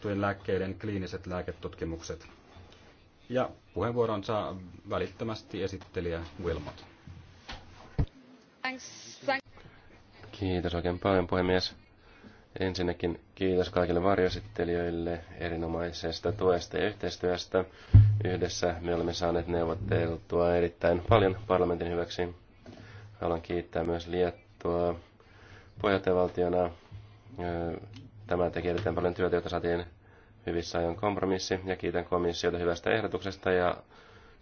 tutkittujen lääkkeiden kliiniset lääketutkimukset. Ja puheenvuoron saa välittömästi esittelijä Wilmot. Kiitos oikein paljon puhemies. Ensinnäkin kiitos kaikille varjoesittelijöille erinomaisesta tuesta ja yhteistyöstä. Yhdessä me olemme saaneet neuvotteltua erittäin paljon parlamentin hyväksi. Haluan kiittää myös Liettua puheenjohtajavaltiona Tämä teki erittäin paljon työtä, jota saatiin hyvissä ajoin kompromissi. Ja kiitän komissiota hyvästä ehdotuksesta ja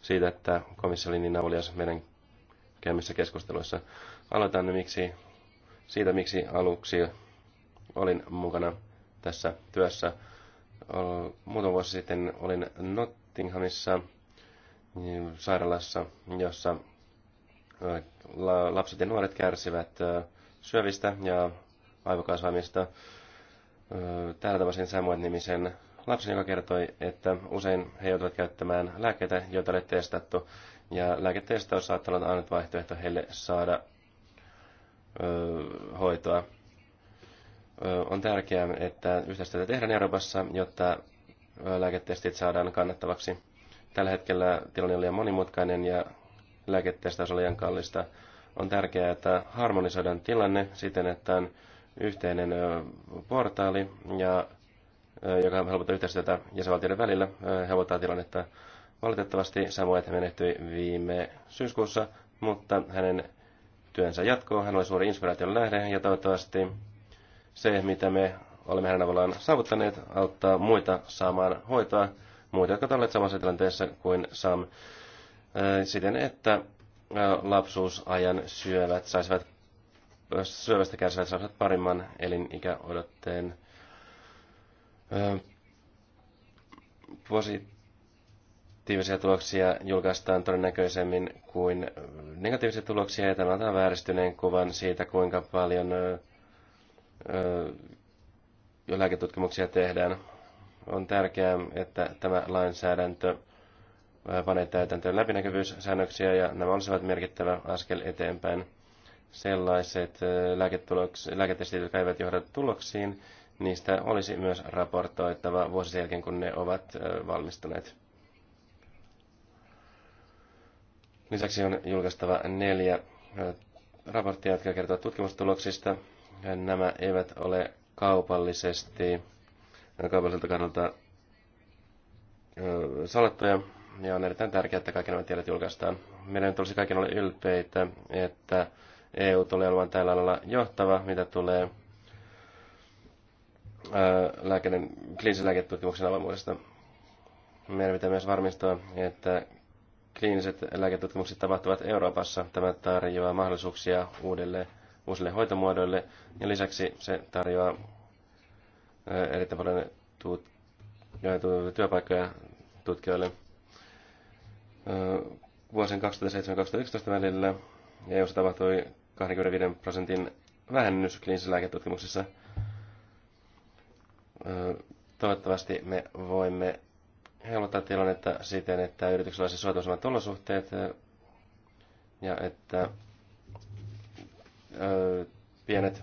siitä, että komissio oli niin avulias meidän käymissä keskusteluissa. Aloitan miksi, siitä, miksi aluksi olin mukana tässä työssä. Muutama vuosi sitten olin Nottinghamissa sairaalassa, jossa lapset ja nuoret kärsivät syövistä ja aivokasvaimista täällä tavasin Samuel-nimisen lapsen, joka kertoi, että usein he joutuvat käyttämään lääkkeitä, joita ei testattu. Ja lääketestaus saattaa olla ainut vaihtoehto heille saada ö, hoitoa. Ö, on tärkeää, että yhteistyötä tehdään Euroopassa, jotta lääketestit saadaan kannattavaksi. Tällä hetkellä tilanne on liian monimutkainen ja lääketestaus on liian kallista. On tärkeää, että harmonisoidaan tilanne siten, että on yhteinen portaali, ja, joka helpottaa yhteistyötä jäsenvaltioiden välillä, helpottaa tilannetta. Valitettavasti Samuel menehtyi viime syyskuussa, mutta hänen työnsä jatkuu. Hän oli suuri inspiraation lähde ja toivottavasti se, mitä me olemme hänen avallaan saavuttaneet, auttaa muita saamaan hoitoa, muita, jotka ovat olleet samassa tilanteessa kuin Sam, siten, että lapsuusajan syövät saisivat syövästä kärsivät saavat parimman elinikäodotteen. Positiivisia tuloksia julkaistaan todennäköisemmin kuin negatiivisia tuloksia, ja tämä antaa vääristyneen kuvan siitä, kuinka paljon jo lääketutkimuksia tehdään. On tärkeää, että tämä lainsäädäntö panee täytäntöön läpinäkyvyyssäännöksiä, ja nämä olisivat merkittävä askel eteenpäin sellaiset lääketestit, jotka eivät johda tuloksiin, niistä olisi myös raportoitava vuosi sen jälkeen, kun ne ovat valmistuneet. Lisäksi on julkaistava neljä raporttia, jotka kertovat tutkimustuloksista. Nämä eivät ole kaupallisesti, kaupalliselta kannalta salattuja, ja on erittäin tärkeää, että kaikki nämä tiedot julkaistaan. Meidän tulisi kaikki olla ylpeitä, että EU tulee olemaan tällä alalla johtava, mitä tulee lääkeiden, kliinisen lääketutkimuksen avoimuudesta. Meidän pitää myös varmistaa, että kliiniset lääketutkimukset tapahtuvat Euroopassa. Tämä tarjoaa mahdollisuuksia uudelle, uusille hoitomuodoille ja lisäksi se tarjoaa erittäin paljon työpaikkoja tutkijoille. Vuosien 2007-2011 välillä ja e jos tapahtui 25 prosentin vähennys kliinisessä lääketutkimuksessa. Toivottavasti me voimme helpottaa tilannetta siten, että yrityksellä olisi suotuisemmat olosuhteet ja että pienet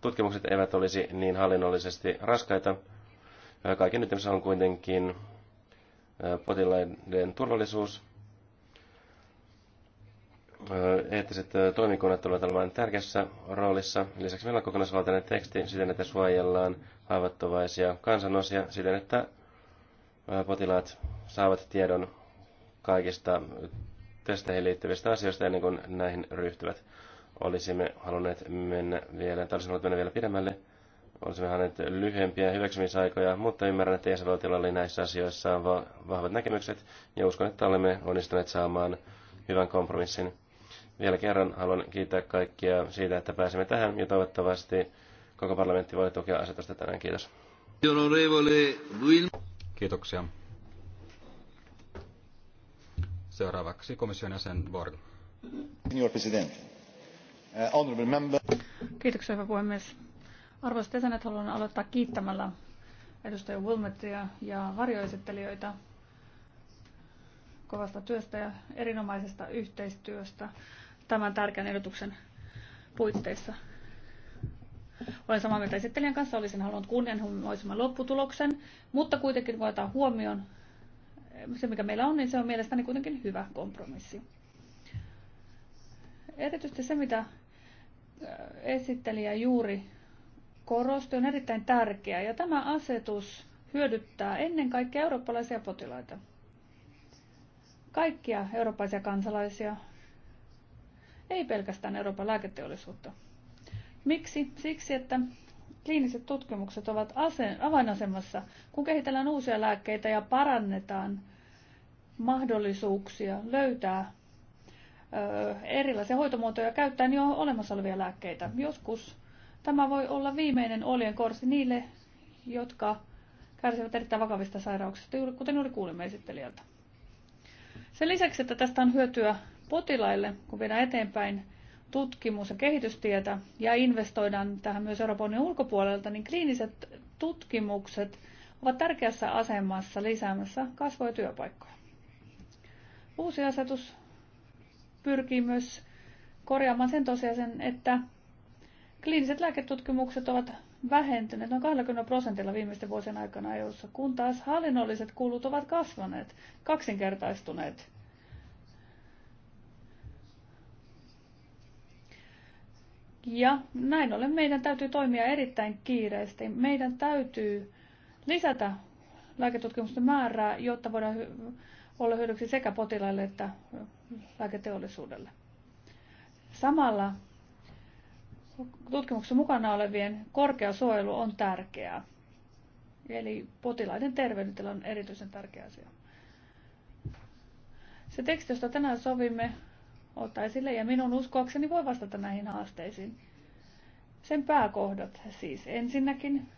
tutkimukset eivät olisi niin hallinnollisesti raskaita. Kaiken nyt on kuitenkin potilaiden turvallisuus eettiset toimikunnat tulevat olemaan tärkeässä roolissa. Lisäksi meillä on kokonaisvaltainen teksti siten, että suojellaan haavoittuvaisia kansanosia siten, että potilaat saavat tiedon kaikista testeihin liittyvistä asioista ennen kuin näihin ryhtyvät. Olisimme halunneet mennä vielä, tai olisimme halunneet mennä vielä pidemmälle. Olisimme halunneet lyhyempiä hyväksymisaikoja, mutta ymmärrän, että jäsenvaltiolla oli näissä asioissa vahvat näkemykset, ja uskon, että olemme onnistuneet saamaan hyvän kompromissin vielä kerran haluan kiittää kaikkia siitä, että pääsemme tähän ja toivottavasti koko parlamentti voi tukea asetusta tänään. Kiitos. Kiitoksia. Seuraavaksi komission jäsen Borg. Uh, Kiitoksia, hyvä puhemies. Arvoisat jäsenet, haluan aloittaa kiittämällä edustaja Wilmettia ja varjoesittelijöitä kovasta työstä ja erinomaisesta yhteistyöstä tämän tärkeän ehdotuksen puitteissa. Olen samaa mieltä esittelijän kanssa, olisin halunnut kunnianhimoisemman lopputuloksen, mutta kuitenkin kun otetaan huomioon eh, se, mikä meillä on, niin se on mielestäni kuitenkin hyvä kompromissi. Erityisesti se, mitä eh, esittelijä juuri korosti, on erittäin tärkeää, ja tämä asetus hyödyttää ennen kaikkea eurooppalaisia potilaita. Kaikkia eurooppalaisia kansalaisia, pelkästään Euroopan lääketeollisuutta. Miksi? Siksi, että kliiniset tutkimukset ovat avainasemassa, kun kehitellään uusia lääkkeitä ja parannetaan mahdollisuuksia löytää erilaisia hoitomuotoja käyttäen jo olemassa olevia lääkkeitä. Joskus tämä voi olla viimeinen olien korsi niille, jotka kärsivät erittäin vakavista sairauksista, kuten juuri kuulimme esittelijältä. Sen lisäksi, että tästä on hyötyä potilaille, kun viedään eteenpäin tutkimus- ja kehitystietä ja investoidaan tähän myös Euroopan unionin ulkopuolelta, niin kliiniset tutkimukset ovat tärkeässä asemassa lisäämässä kasvoja työpaikkoja. Uusi asetus pyrkii myös korjaamaan sen tosiasen, että kliiniset lääketutkimukset ovat vähentyneet noin 20 prosentilla viimeisten vuosien aikana EU:ssa, kun taas hallinnolliset kulut ovat kasvaneet, kaksinkertaistuneet Ja näin ollen meidän täytyy toimia erittäin kiireesti. Meidän täytyy lisätä lääketutkimusten määrää, jotta voidaan olla hyödyksi sekä potilaille että lääketeollisuudelle. Samalla tutkimuksen mukana olevien korkea suojelu on tärkeää. Eli potilaiden terveydentila on erityisen tärkeä asia. Se teksti, josta tänään sovimme, ottaa esille ja minun uskoakseni voi vastata näihin haasteisiin. Sen pääkohdat siis ensinnäkin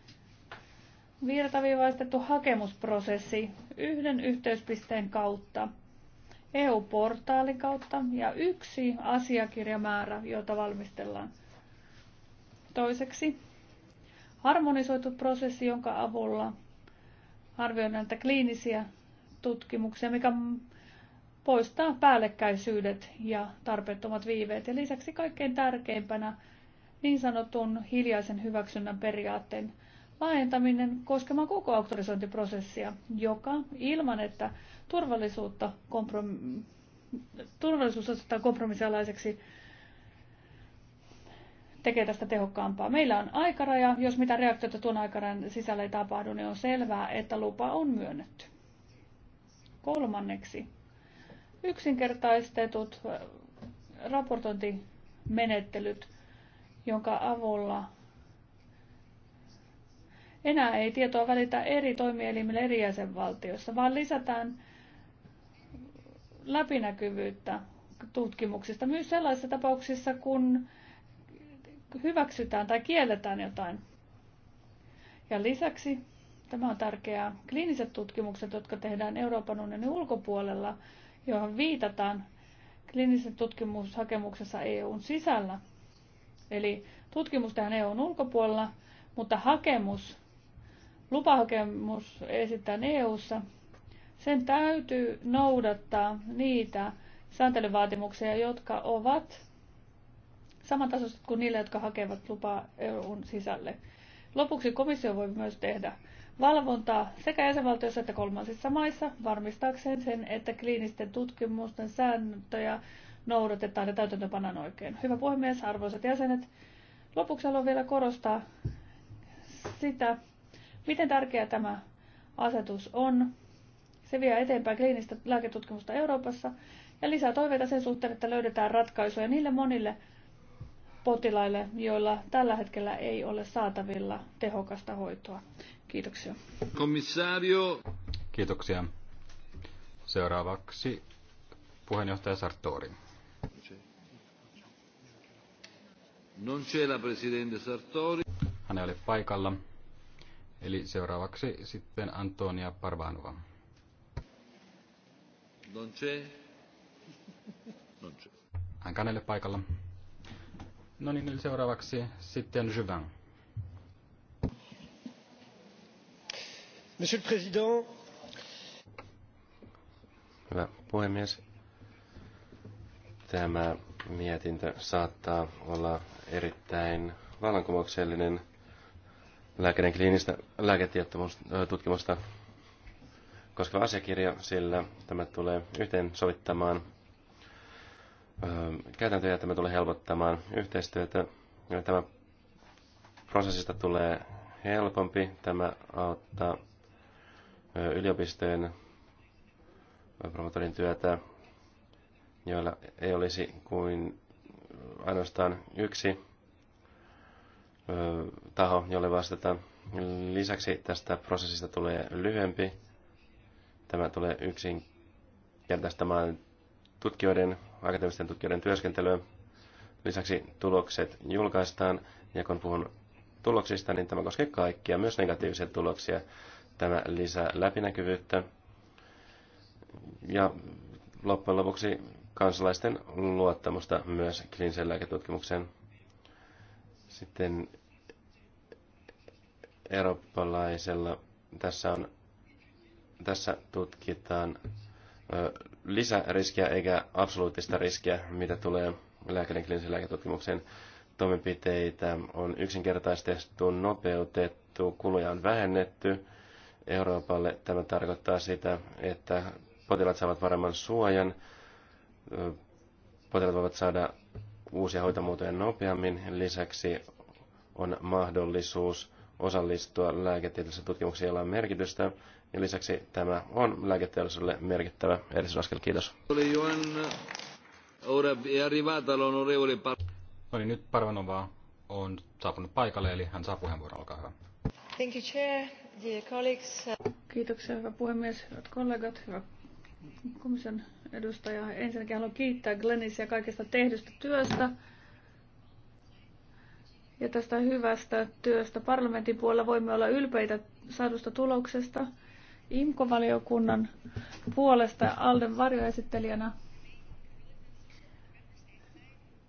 virtaviivaistettu hakemusprosessi yhden yhteyspisteen kautta, EU-portaalin kautta ja yksi asiakirjamäärä, jota valmistellaan. Toiseksi harmonisoitu prosessi, jonka avulla arvioidaan näitä kliinisiä tutkimuksia, mikä poistaa päällekkäisyydet ja tarpeettomat viiveet. Ja lisäksi kaikkein tärkeimpänä niin sanotun hiljaisen hyväksynnän periaatteen laajentaminen koskemaan koko auktorisointiprosessia, joka ilman, että turvallisuutta komprom- turvallisuus otetaan kompromissialaiseksi, tekee tästä tehokkaampaa. Meillä on aikaraja. Jos mitä reaktiota tuon aikarajan sisällä ei tapahdu, niin on selvää, että lupa on myönnetty. Kolmanneksi, yksinkertaistetut äh, raportointimenettelyt, jonka avulla enää ei tietoa välitä eri toimielimille eri jäsenvaltioissa, vaan lisätään läpinäkyvyyttä tutkimuksista myös sellaisissa tapauksissa, kun hyväksytään tai kielletään jotain. Ja lisäksi, tämä on tärkeää, kliiniset tutkimukset, jotka tehdään Euroopan unionin ulkopuolella, johon viitataan kliinisen tutkimushakemuksessa EUn sisällä. Eli tutkimus tehdään EUn ulkopuolella, mutta hakemus, lupahakemus esittää EUssa. Sen täytyy noudattaa niitä sääntelyvaatimuksia, jotka ovat samantasoiset kuin niille, jotka hakevat lupaa EUn sisälle. Lopuksi komissio voi myös tehdä valvontaa sekä jäsenvaltioissa että kolmansissa maissa varmistaakseen sen, että kliinisten tutkimusten sääntöjä noudatetaan ja täytäntöpanan oikein. Hyvä puhemies, arvoisat jäsenet. Lopuksi haluan vielä korostaa sitä, miten tärkeä tämä asetus on. Se vie eteenpäin kliinistä lääketutkimusta Euroopassa ja lisää toiveita sen suhteen, että löydetään ratkaisuja niille monille potilaille, joilla tällä hetkellä ei ole saatavilla tehokasta hoitoa. Kiitoksia. Komissaario. Kiitoksia. Seuraavaksi puheenjohtaja Sartori. Non c'è la presidente Sartori. Hän ei ole paikalla. Eli seuraavaksi sitten Antonia Parvanova. Non c'è. Non c'è. Hän ei ole paikalla. No niin, eli seuraavaksi sitten Jyvän. Monsieur le Président. Hyvä puhemies. Tämä mietintö saattaa olla erittäin vallankumouksellinen lääkärin kliinistä lääketietotutkimusta, koskeva asiakirja, sillä tämä tulee yhteensovittamaan käytäntöjä, tämä tulee helpottamaan yhteistyötä. Tämä prosessista tulee helpompi, tämä auttaa yliopistojen promotorin työtä, joilla ei olisi kuin ainoastaan yksi taho, jolle vastata. Lisäksi tästä prosessista tulee lyhyempi. Tämä tulee yksinkertaistamaan tutkijoiden, akateemisten tutkijoiden työskentelyä. Lisäksi tulokset julkaistaan, ja kun puhun tuloksista, niin tämä koskee kaikkia, myös negatiivisia tuloksia. Tämä lisää läpinäkyvyyttä ja loppujen lopuksi kansalaisten luottamusta myös kliiniseen lääketutkimukseen. Sitten eurooppalaisella tässä, on, tässä tutkitaan ö, lisäriskiä eikä absoluuttista riskiä, mitä tulee lääkärin kliinisen lääketutkimukseen. Toimenpiteitä on yksinkertaistettu, nopeutettu, kuluja on vähennetty Euroopalle. Tämä tarkoittaa sitä, että potilaat saavat paremman suojan, potilaat voivat saada uusia hoitomuotoja nopeammin. Lisäksi on mahdollisuus osallistua lääketieteellisiin tutkimuksiin, jolla on merkitystä. Ja lisäksi tämä on lääketieteelliselle merkittävä edistysaskel. Kiitos. Oli nyt Parvanova on saapunut paikalle, eli hän saa puheenvuoron. Olkaa hyvä. Uh, Kiitoksia, hyvä puhemies, hyvät kollegat, hyvä komission edustaja. Ensinnäkin haluan kiittää Glenisia kaikesta tehdystä työstä ja tästä hyvästä työstä. Parlamentin puolella voimme olla ylpeitä saadusta tuloksesta. IMKO-valiokunnan puolesta Alden varjoesittelijänä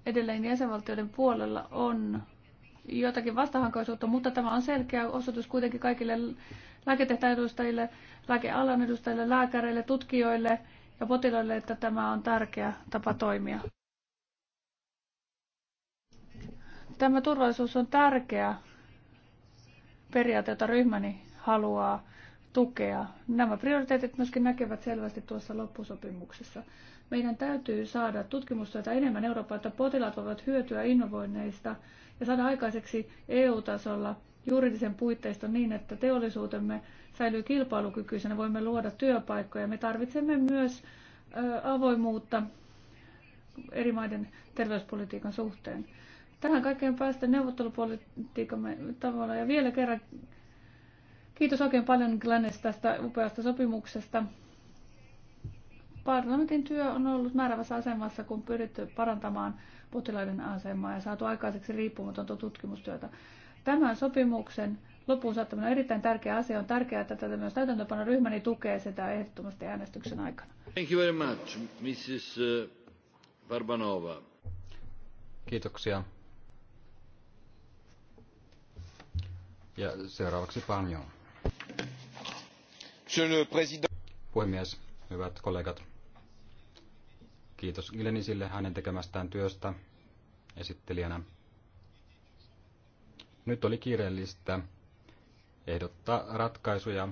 edelleen jäsenvaltioiden puolella on jotakin vastahankoisuutta, mutta tämä on selkeä osoitus kuitenkin kaikille lääketehtäjien edustajille, lääkealan edustajille, lääkäreille, tutkijoille ja potilaille, että tämä on tärkeä tapa toimia. Tämä turvallisuus on tärkeä periaate, jota ryhmäni haluaa tukea. Nämä prioriteetit myöskin näkevät selvästi tuossa loppusopimuksessa. Meidän täytyy saada tutkimustyötä enemmän Eurooppaa, että potilaat voivat hyötyä innovoinneista ja saada aikaiseksi EU-tasolla juridisen puitteiston niin, että teollisuutemme säilyy kilpailukykyisenä, voimme luoda työpaikkoja. Me tarvitsemme myös avoimuutta eri maiden terveyspolitiikan suhteen. Tähän kaikkeen päästä neuvottelupolitiikamme tavalla. Ja vielä kerran kiitos oikein paljon Glennis tästä upeasta sopimuksesta. Parlamentin työ on ollut määrävässä asemassa, kun pyritty parantamaan potilaiden asemaa ja saatu aikaiseksi riippumatonta tutkimustyötä. Tämän sopimuksen lopuun saattaminen on erittäin tärkeä asia. On tärkeää, että tätä myös ryhmäni niin tukee sitä ehdottomasti äänestyksen aikana. Thank you very much, Mrs. Uh, Barbanova. Kiitoksia. Ja seuraavaksi Panjo. Puhemies, hyvät kollegat. Kiitos Glenisille hänen tekemästään työstä esittelijänä. Nyt oli kiireellistä ehdottaa ratkaisuja,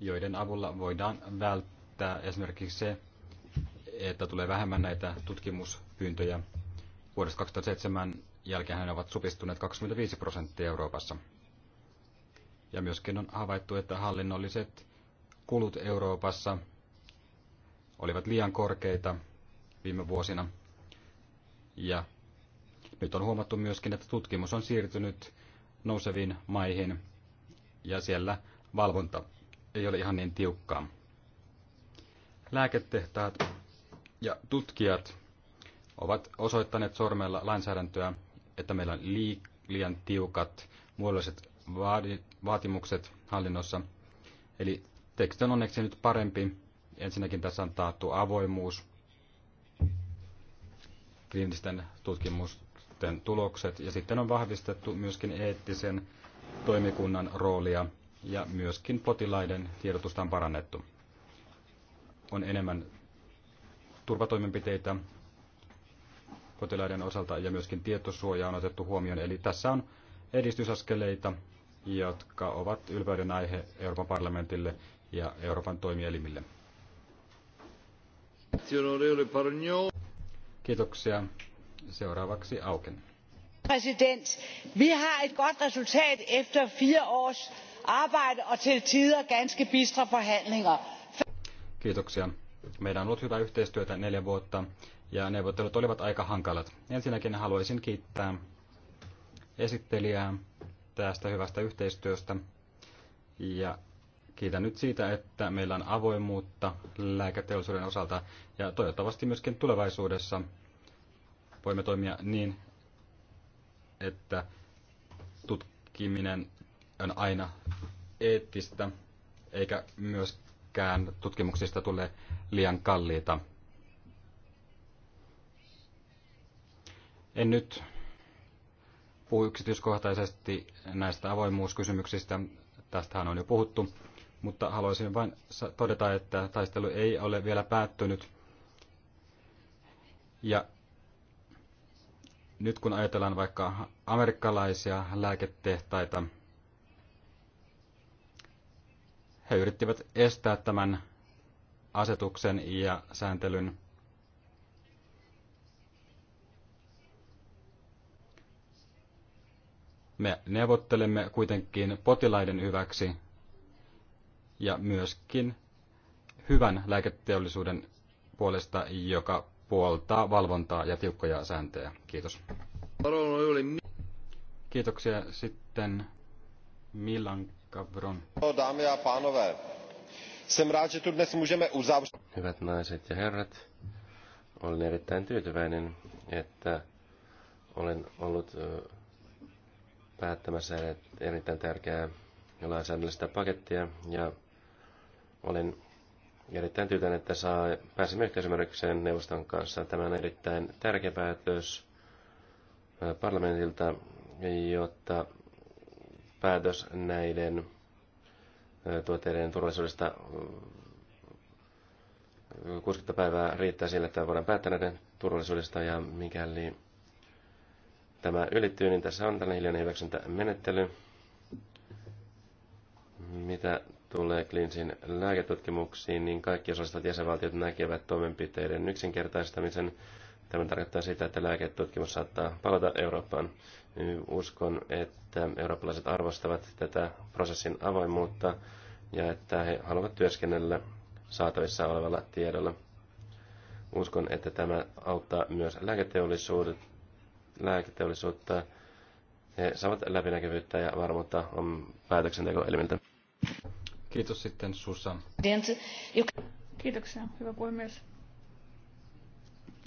joiden avulla voidaan välttää esimerkiksi se, että tulee vähemmän näitä tutkimuspyyntöjä. Vuodesta 2007 jälkeen ne ovat supistuneet 25 prosenttia Euroopassa. Ja myöskin on havaittu, että hallinnolliset kulut Euroopassa – olivat liian korkeita viime vuosina. Ja nyt on huomattu myöskin, että tutkimus on siirtynyt nouseviin maihin ja siellä valvonta ei ole ihan niin tiukkaa. Lääketehtaat ja tutkijat ovat osoittaneet sormella lainsäädäntöä, että meillä on liian tiukat muodolliset vaatimukset hallinnossa. Eli teksti on onneksi nyt parempi Ensinnäkin tässä on taattu avoimuus, kliinisten tutkimusten tulokset ja sitten on vahvistettu myöskin eettisen toimikunnan roolia ja myöskin potilaiden tiedotusta on parannettu. On enemmän turvatoimenpiteitä potilaiden osalta ja myöskin tietosuoja on otettu huomioon. Eli tässä on edistysaskeleita, jotka ovat ylpeyden aihe Euroopan parlamentille ja Euroopan toimielimille. Grazie, Kiitoksia. Seuraavaksi Auken. President, vi har et godt resultat efter fire års arbejde og til tider ganske bistre forhandlinger. Kiitoksia. Meillä on ollut hyvää yhteistyötä neljä vuotta ja neuvottelut olivat aika hankalat. Ensinnäkin haluaisin kiittää esittelijää tästä hyvästä yhteistyöstä ja Kiitän nyt siitä, että meillä on avoimuutta lääketeollisuuden osalta ja toivottavasti myöskin tulevaisuudessa voimme toimia niin, että tutkiminen on aina eettistä eikä myöskään tutkimuksista tule liian kalliita. En nyt puhu yksityiskohtaisesti näistä avoimuuskysymyksistä. Tästähän on jo puhuttu mutta haluaisin vain todeta, että taistelu ei ole vielä päättynyt. Ja nyt kun ajatellaan vaikka amerikkalaisia lääketehtaita, he yrittivät estää tämän asetuksen ja sääntelyn. Me neuvottelemme kuitenkin potilaiden hyväksi ja myöskin hyvän lääketeollisuuden puolesta, joka puoltaa valvontaa ja tiukkoja sääntöjä. Kiitos. Kiitoksia sitten Milan Kavron. a můžeme uzavřít. Hyvät naiset ja herrat, olen erittäin tyytyväinen, että olen ollut päättämässä erittäin tärkeää lainsäädännöllistä pakettia ja olen erittäin tyytyväinen, että saa, pääsimme yhteisymmärrykseen neuvoston kanssa. Tämä on erittäin tärkeä päätös parlamentilta, jotta päätös näiden tuotteiden turvallisuudesta 60 päivää riittää sille, että voidaan päättää näiden turvallisuudesta ja mikäli tämä ylittyy, niin tässä on tällainen hiljainen hyväksyntämenettely. Mitä tulee kliinisiin lääketutkimuksiin, niin kaikki osallistuvat jäsenvaltiot näkevät toimenpiteiden yksinkertaistamisen. Tämä tarkoittaa sitä, että lääketutkimus saattaa palata Eurooppaan. Niin uskon, että eurooppalaiset arvostavat tätä prosessin avoimuutta ja että he haluavat työskennellä saatavissa olevalla tiedolla. Uskon, että tämä auttaa myös lääketeollisuutta. He saavat läpinäkyvyyttä ja varmuutta on päätöksentekoelimiltä. Kiitos sitten Susan. Kiitoksia, hyvä puhemies.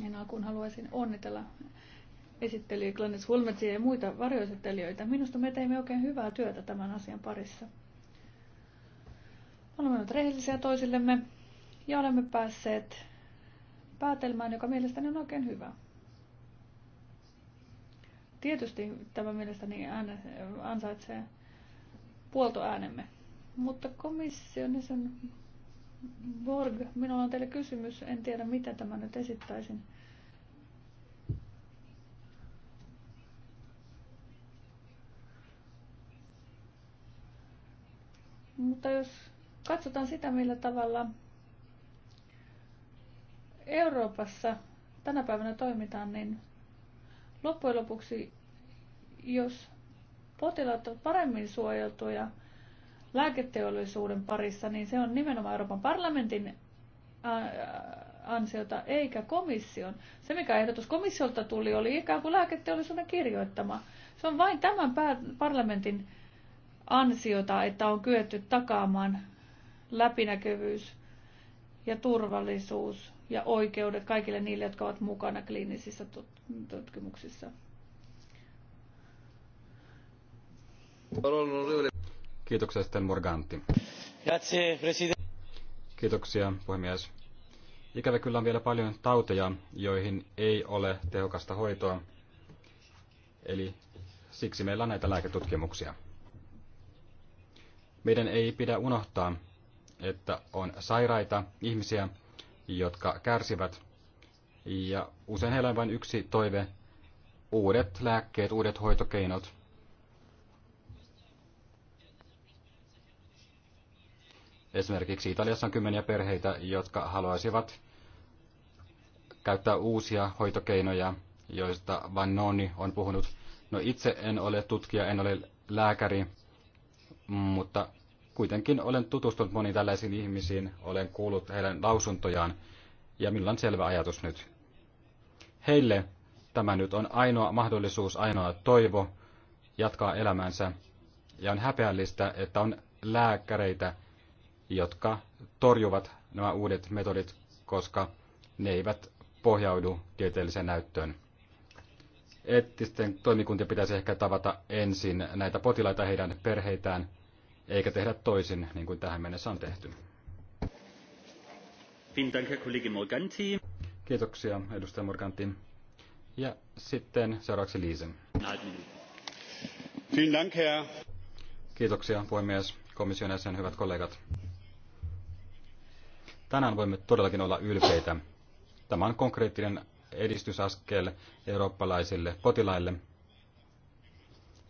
En alkuun haluaisin onnitella esitteli Glennis Wilmetsia ja muita varjoesittelijöitä. Minusta me teimme oikein hyvää työtä tämän asian parissa. Olemme olleet rehellisiä toisillemme ja olemme päässeet päätelmään, joka mielestäni on oikein hyvä. Tietysti tämä mielestäni ansaitsee puoltoäänemme. Mutta komission sen Borg, minulla on teille kysymys. En tiedä, mitä tämä nyt esittäisin. Mutta jos katsotaan sitä, millä tavalla Euroopassa tänä päivänä toimitaan, niin loppujen lopuksi, jos potilaat ovat paremmin suojeltuja, lääketeollisuuden parissa, niin se on nimenomaan Euroopan parlamentin ansiota eikä komission. Se, mikä ehdotus komissiolta tuli, oli ikään kuin lääketeollisuuden kirjoittama. Se on vain tämän parlamentin ansiota, että on kyetty takaamaan läpinäkyvyys ja turvallisuus ja oikeudet kaikille niille, jotka ovat mukana kliinisissä tutkimuksissa. Kiitoksia sitten Morganti. Kiitoksia puhemies. Ikävä kyllä on vielä paljon tauteja, joihin ei ole tehokasta hoitoa. Eli siksi meillä on näitä lääketutkimuksia. Meidän ei pidä unohtaa, että on sairaita ihmisiä, jotka kärsivät. Ja usein heillä on vain yksi toive, uudet lääkkeet, uudet hoitokeinot – Esimerkiksi Italiassa on kymmeniä perheitä, jotka haluaisivat käyttää uusia hoitokeinoja, joista Vannoni on puhunut. No itse en ole tutkija, en ole lääkäri, mutta kuitenkin olen tutustunut moniin tällaisiin ihmisiin, olen kuullut heidän lausuntojaan ja minulla on selvä ajatus nyt. Heille tämä nyt on ainoa mahdollisuus, ainoa toivo jatkaa elämänsä ja on häpeällistä, että on lääkäreitä, jotka torjuvat nämä uudet metodit, koska ne eivät pohjaudu tieteelliseen näyttöön. Eettisten toimikuntien pitäisi ehkä tavata ensin näitä potilaita heidän perheitään, eikä tehdä toisin, niin kuin tähän mennessä on tehty. Kiitoksia, edustaja Morganti. Ja sitten seuraavaksi Liise. Kiitoksia, puhemies, komission jäsen, hyvät kollegat tänään voimme todellakin olla ylpeitä. Tämä on konkreettinen edistysaskel eurooppalaisille potilaille,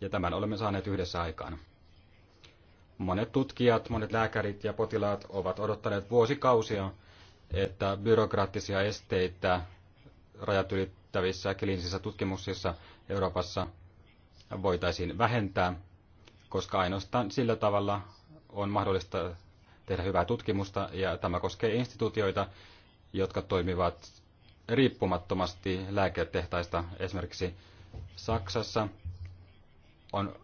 ja tämän olemme saaneet yhdessä aikaan. Monet tutkijat, monet lääkärit ja potilaat ovat odottaneet vuosikausia, että byrokraattisia esteitä rajat ylittävissä kliinisissä tutkimuksissa Euroopassa voitaisiin vähentää, koska ainoastaan sillä tavalla on mahdollista tehdä hyvää tutkimusta, ja tämä koskee instituutioita, jotka toimivat riippumattomasti lääketehtaista. Esimerkiksi Saksassa on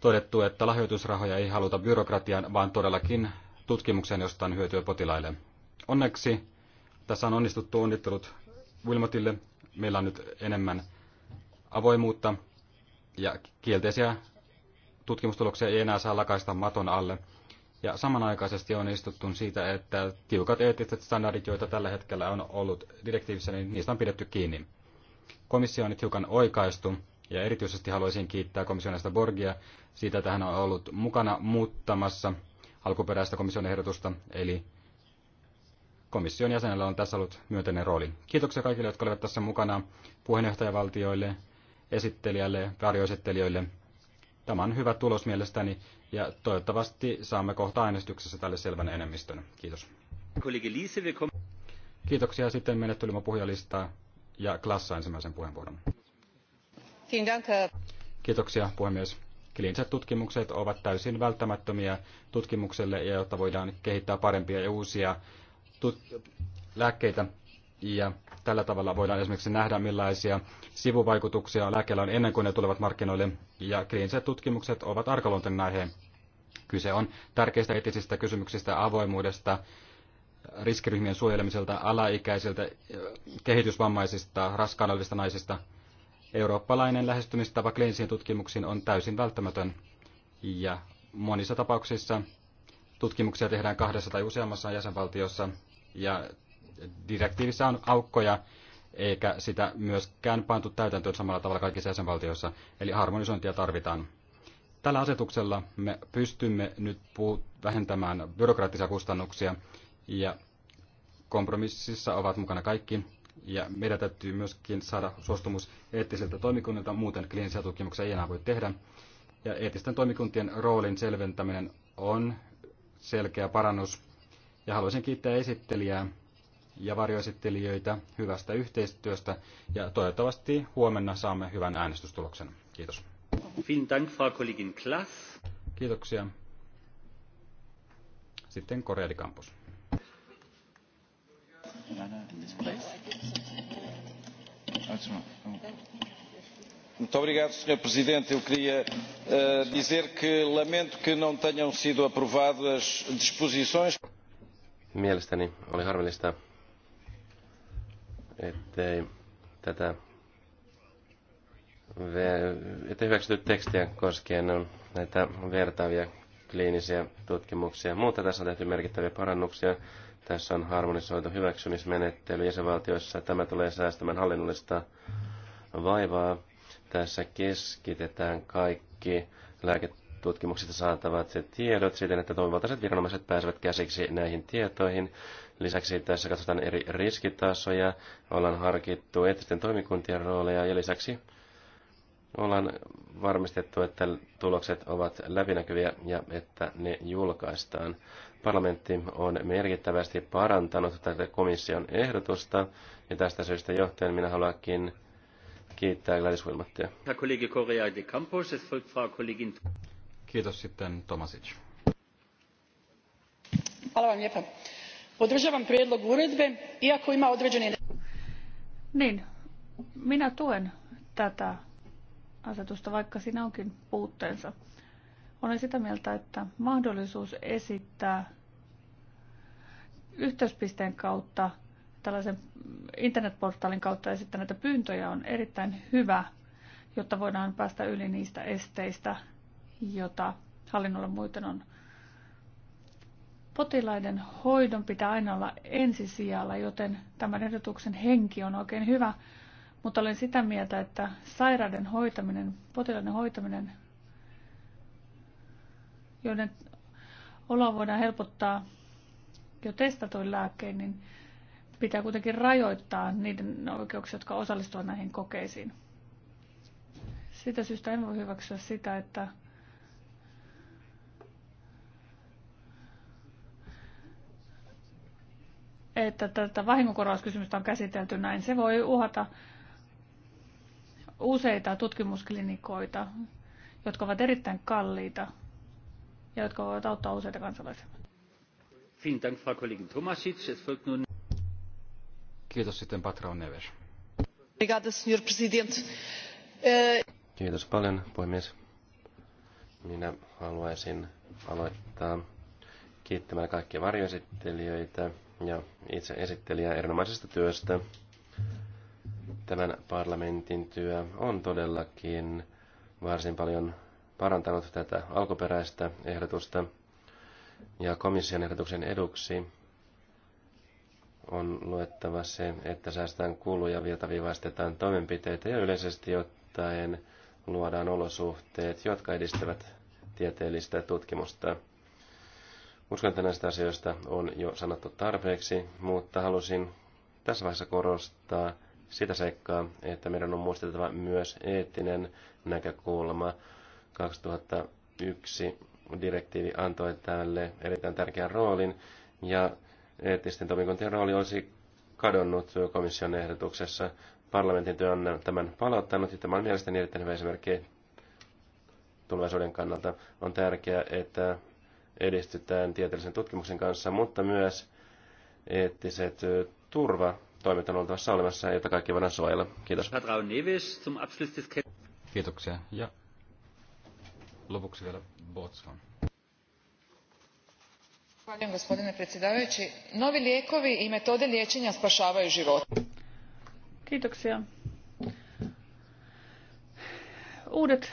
todettu, että lahjoitusrahoja ei haluta byrokratian, vaan todellakin tutkimuksen josta on hyötyä potilaille. Onneksi tässä on onnistuttu onnittelut Wilmotille. Meillä on nyt enemmän avoimuutta ja kielteisiä tutkimustuloksia ei enää saa lakaista maton alle, ja samanaikaisesti on istuttu siitä, että tiukat eettiset standardit, joita tällä hetkellä on ollut direktiivissä, niin niistä on pidetty kiinni. Komissio on nyt hiukan oikaistu, ja erityisesti haluaisin kiittää komissionista Borgia siitä, että hän on ollut mukana muuttamassa alkuperäistä komission ehdotusta, eli komission jäsenellä on tässä ollut myönteinen rooli. Kiitoksia kaikille, jotka olivat tässä mukana, puheenjohtajavaltioille, esittelijälle, varjoesittelijöille. Tämä on hyvä tulos mielestäni, ja toivottavasti saamme kohta äänestyksessä tälle selvän enemmistön. Kiitos. Kiitoksia. Sitten menettelymä puhujalistaa ja Klassa ensimmäisen puheenvuoron. Kiitoksia puhemies. Kliiniset tutkimukset ovat täysin välttämättömiä tutkimukselle ja jotta voidaan kehittää parempia ja uusia lääkkeitä. Ja tällä tavalla voidaan esimerkiksi nähdä, millaisia sivuvaikutuksia lääkkeellä on ennen kuin ne tulevat markkinoille. Ja kliiniset tutkimukset ovat arkaluontoinen aihe Kyse on tärkeistä eettisistä kysymyksistä, avoimuudesta, riskiryhmien suojelemiselta, alaikäisiltä, kehitysvammaisista, raskaana olevista naisista. Eurooppalainen lähestymistapa kliinisiin tutkimuksiin on täysin välttämätön ja monissa tapauksissa tutkimuksia tehdään kahdessa tai useammassa jäsenvaltiossa ja direktiivissä on aukkoja eikä sitä myöskään pantu täytäntöön samalla tavalla kaikissa jäsenvaltioissa, eli harmonisointia tarvitaan. Tällä asetuksella me pystymme nyt vähentämään byrokraattisia kustannuksia ja kompromississa ovat mukana kaikki. Ja meidän täytyy myöskin saada suostumus eettisiltä toimikunnilta, muuten kliinisiä tutkimuksia ei enää voi tehdä. Ja eettisten toimikuntien roolin selventäminen on selkeä parannus. Ja haluaisin kiittää esittelijää ja varjoesittelijöitä hyvästä yhteistyöstä ja toivottavasti huomenna saamme hyvän äänestystuloksen. Kiitos. Vielen Dank, Frau Kollegin Klaas. Kiitoksia. Sitten Korea Campus. Muito obrigado, Sr. Presidente. Eu queria uh, dizer que lamento que não tenham sido aprovadas disposições. Mielestäni oli harmillista, ettei tätä että hyväksytty tekstiä koskien on näitä vertaavia kliinisiä tutkimuksia. Muuta tässä on tehty merkittäviä parannuksia. Tässä on harmonisoitu hyväksymismenettely jäsenvaltioissa. Tämä tulee säästämään hallinnollista vaivaa. Tässä keskitetään kaikki lääketutkimuksista saatavat tiedot siten, että toimivaltaiset viranomaiset pääsevät käsiksi näihin tietoihin. Lisäksi tässä katsotaan eri riskitasoja, ollaan harkittu eettisten toimikuntien rooleja ja lisäksi ollaan varmistettu, että tulokset ovat läpinäkyviä ja että ne julkaistaan. Parlamentti on merkittävästi parantanut tätä komission ehdotusta ja tästä syystä johtajan minä haluankin kiittää Gladys Wilmottia. Kiitos sitten Tomasic. Podržavam prijedlog uredbe, iako ima određene... Niin, minä tuen tätä asetusta, vaikka siinä onkin puutteensa. Olen sitä mieltä, että mahdollisuus esittää yhteyspisteen kautta, tällaisen internetportaalin kautta esittää näitä pyyntöjä on erittäin hyvä, jotta voidaan päästä yli niistä esteistä, jota hallinnolla muuten on. Potilaiden hoidon pitää aina olla ensisijalla, joten tämän ehdotuksen henki on oikein hyvä. Mutta olen sitä mieltä, että sairauden hoitaminen, potilaiden hoitaminen, joiden oloa voidaan helpottaa jo testatuin lääkkein, niin pitää kuitenkin rajoittaa niiden oikeuksia, jotka osallistuvat näihin kokeisiin. Sitä syystä en voi hyväksyä sitä, että että tätä vahingonkorvauskysymystä on käsitelty näin. Se voi uhata useita tutkimusklinikoita, jotka ovat erittäin kalliita ja jotka voivat auttaa useita kansalaisia. Kiitos sitten Patra Neves. Eh, Kiitos paljon, puhemies. Minä haluaisin aloittaa kiittämällä kaikkia varjoesittelijöitä ja itse esittelijää erinomaisesta työstä tämän parlamentin työ on todellakin varsin paljon parantanut tätä alkuperäistä ehdotusta. Ja komission ehdotuksen eduksi on luettava se, että säästään kuluja, virtaviivaistetaan toimenpiteitä ja yleisesti ottaen luodaan olosuhteet, jotka edistävät tieteellistä tutkimusta. Uskon, että näistä asioista on jo sanottu tarpeeksi, mutta halusin tässä vaiheessa korostaa sitä seikkaa, että meidän on muistettava myös eettinen näkökulma. 2001 direktiivi antoi tälle erittäin tärkeän roolin, ja eettisten toimikuntien rooli olisi kadonnut komission ehdotuksessa. Parlamentin työ on tämän palauttanut, ja tämä on mielestäni erittäin hyvä esimerkki tulevaisuuden kannalta. On tärkeää, että edistytään tieteellisen tutkimuksen kanssa, mutta myös eettiset turva toimet on oltavassa olemassa, jota kaikki voidaan suojella. Kiitos. Kiitoksia. Ja lopuksi vielä Botsman. Zahvaljujem Novi lijekovi i metode liječenja spašavaju živote. Kiitoksia. Uudet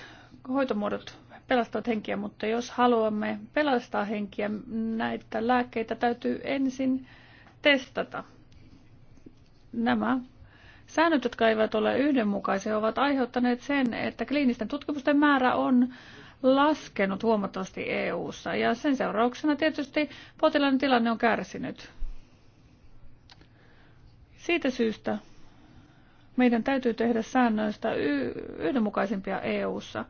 hoitomuodot pelastavat henkiä, mutta jos haluamme pelastaa henkiä, näitä lääkkeitä täytyy ensin testata. Nämä säännöt, jotka eivät ole yhdenmukaisia, ovat aiheuttaneet sen, että kliinisten tutkimusten määrä on laskenut huomattavasti EU:ssa ja sen seurauksena tietysti potilaan tilanne on kärsinyt. Siitä syystä meidän täytyy tehdä säännöistä eu e EU:ssa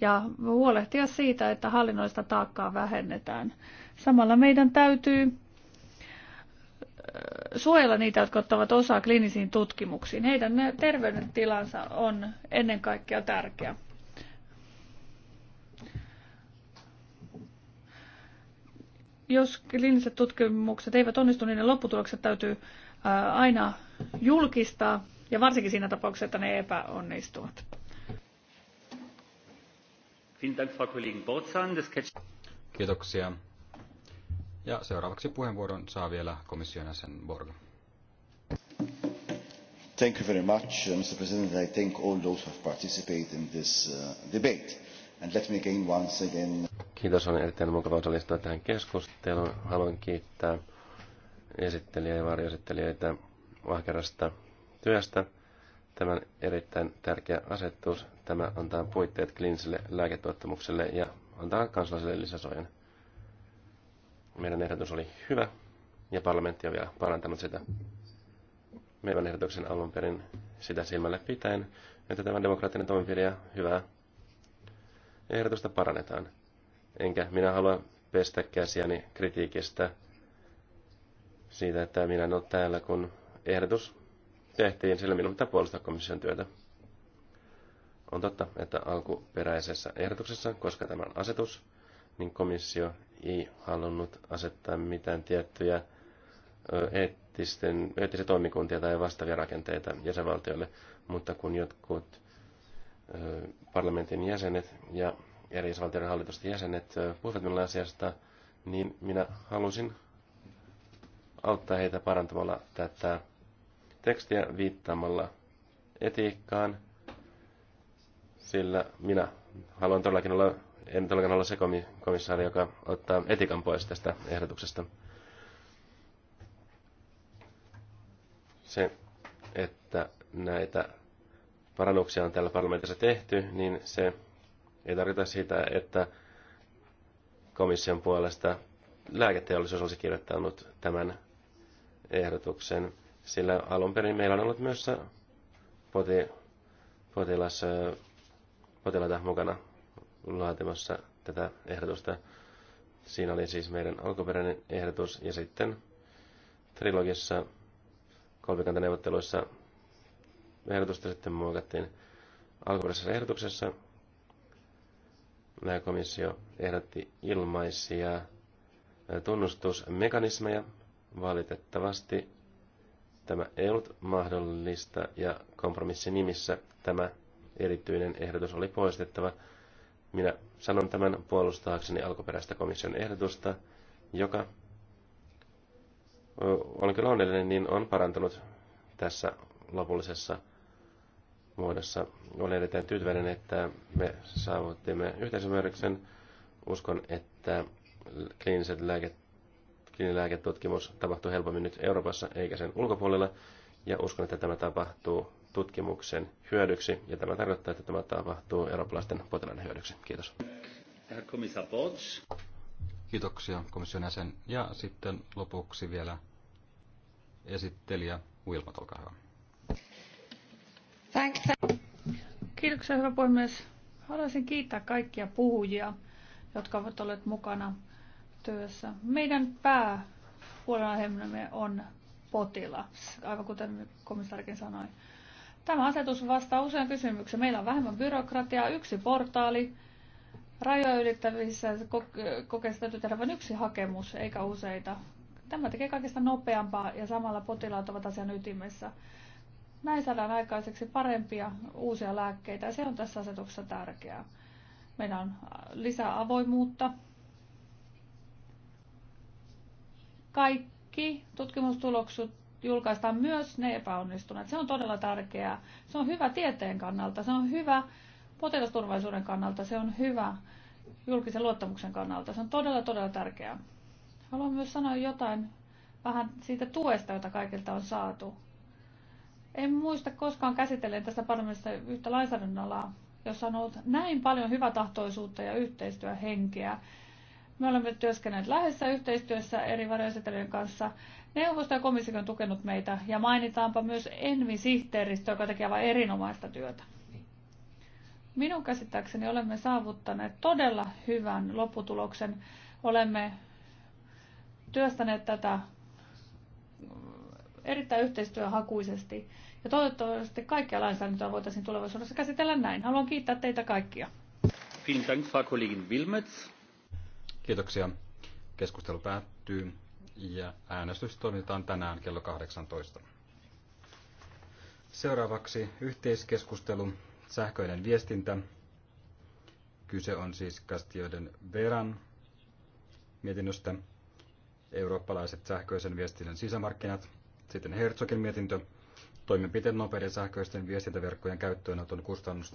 ja huolehtia siitä, että hallinnoista taakkaa vähennetään. Samalla meidän täytyy suojella niitä, jotka ottavat osaa kliinisiin tutkimuksiin. Heidän terveydentilansa on ennen kaikkea tärkeä. Jos kliiniset tutkimukset eivät onnistu, niin ne lopputulokset täytyy aina julkistaa, ja varsinkin siinä tapauksessa, että ne epäonnistuvat. Kiitoksia. Ja seuraavaksi puheenvuoron saa vielä komission jäsen Borg. Thank you very much, uh, Mr. President. I thank all those who have participated in this uh, debate. And let me again once again... Kiitos, on erittäin mukava osallistua tähän keskusteluun. Haluan kiittää esittelijä ja varjoesittelijöitä vahkerasta työstä. Tämän erittäin tärkeä asetus, tämä antaa puitteet kliiniselle lääketuottamukselle ja antaa kansalaisille lisäsojan. Meidän ehdotus oli hyvä ja parlamentti on vielä parantanut sitä meidän ehdotuksen alun perin sitä silmälle pitäen, että tämä demokraattinen toimenpide ja hyvää ehdotusta parannetaan. Enkä minä halua pestä käsiäni kritiikistä siitä, että minä en ole täällä, kun ehdotus tehtiin, sillä minun pitää puolustaa komission työtä. On totta, että alkuperäisessä ehdotuksessa, koska tämä on asetus, niin komissio ei halunnut asettaa mitään tiettyjä eettisten, eettisiä toimikuntia tai vastaavia rakenteita jäsenvaltioille, mutta kun jotkut parlamentin jäsenet ja eri jäsenvaltioiden hallitusten jäsenet puhuivat minulle asiasta, niin minä halusin auttaa heitä parantamalla tätä tekstiä viittaamalla etiikkaan, sillä minä haluan todellakin olla en todellakaan olla se komissaari, joka ottaa etikan pois tästä ehdotuksesta. Se, että näitä parannuksia on täällä parlamentissa tehty, niin se ei tarkoita sitä, että komission puolesta lääketeollisuus olisi kirjoittanut tämän ehdotuksen, sillä alun perin meillä on ollut myös poti, potilas, potilaita mukana laatimassa tätä ehdotusta. Siinä oli siis meidän alkuperäinen ehdotus ja sitten trilogissa kolmikantaneuvotteluissa ehdotusta sitten muokattiin alkuperäisessä ehdotuksessa. Nämä komissio ehdotti ilmaisia tunnustusmekanismeja. Valitettavasti tämä ei ollut mahdollista ja kompromissin nimissä tämä erityinen ehdotus oli poistettava – minä sanon tämän puolustaakseni alkuperäistä komission ehdotusta, joka, on kyllä onnellinen, niin on parantanut tässä lopullisessa muodossa. Olen erittäin tyytyväinen, että me saavuttimme yhteisymmärryksen. Uskon, että kliiniset lääket, kliinilääketutkimus tapahtuu helpommin nyt Euroopassa eikä sen ulkopuolella ja uskon, että tämä tapahtuu tutkimuksen hyödyksi, ja tämä tarkoittaa, että tämä tapahtuu eurooppalaisten potilaiden hyödyksi. Kiitos. Kiitoksia komission jäsen. Ja sitten lopuksi vielä esittelijä Wilmot, olkaa hyvä. Thanks. Kiitoksia, hyvä puhemies. Haluaisin kiittää kaikkia puhujia, jotka ovat olleet mukana työssä. Meidän päähuolenaiheemme on potilas, aivan kuten komissarikin sanoi. Tämä asetus vastaa usein kysymykseen. Meillä on vähemmän byrokratiaa, yksi portaali, rajoja ylittävissä kokeissa täytyy tehdä vain yksi hakemus, eikä useita. Tämä tekee kaikista nopeampaa ja samalla potilaat ovat asian ytimessä. Näin saadaan aikaiseksi parempia uusia lääkkeitä ja se on tässä asetuksessa tärkeää. Meillä on äh, lisää avoimuutta. Kaikki kaikki tutkimustulokset julkaistaan myös ne epäonnistuneet. Se on todella tärkeää. Se on hyvä tieteen kannalta, se on hyvä potilasturvallisuuden kannalta, se on hyvä julkisen luottamuksen kannalta. Se on todella, todella tärkeää. Haluan myös sanoa jotain vähän siitä tuesta, jota kaikilta on saatu. En muista koskaan käsitelleen tässä parlamentissa yhtä lainsäädännön alaa, jossa on ollut näin paljon hyvätahtoisuutta ja yhteistyöhenkeä me olemme työskennelleet läheisessä yhteistyössä eri varjoesittelyjen kanssa. Neuvosto ja komissio on tukenut meitä ja mainitaanpa myös Envi-sihteeristö, joka tekee aivan erinomaista työtä. Minun käsittääkseni olemme saavuttaneet todella hyvän lopputuloksen. Olemme työstäneet tätä erittäin yhteistyöhakuisesti. Ja toivottavasti kaikkia lainsäädäntöä voitaisiin tulevaisuudessa käsitellä näin. Haluan kiittää teitä kaikkia. Vielen Dank, Frau Kollegin Wilmets. Kiitoksia. Keskustelu päättyy ja äänestys toimitaan tänään kello 18. Seuraavaksi yhteiskeskustelu, sähköinen viestintä. Kyse on siis Kastioiden Veran mietinnöstä eurooppalaiset sähköisen viestinnän sisämarkkinat, sitten Herzogin mietintö, toimenpiteet nopeiden sähköisten viestintäverkkojen käyttöönoton kustannusten